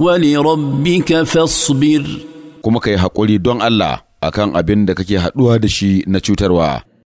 ولربك فاصبر kuma ka yi haƙuri don Allah akan abin da kake haɗuwa da shi na cutarwa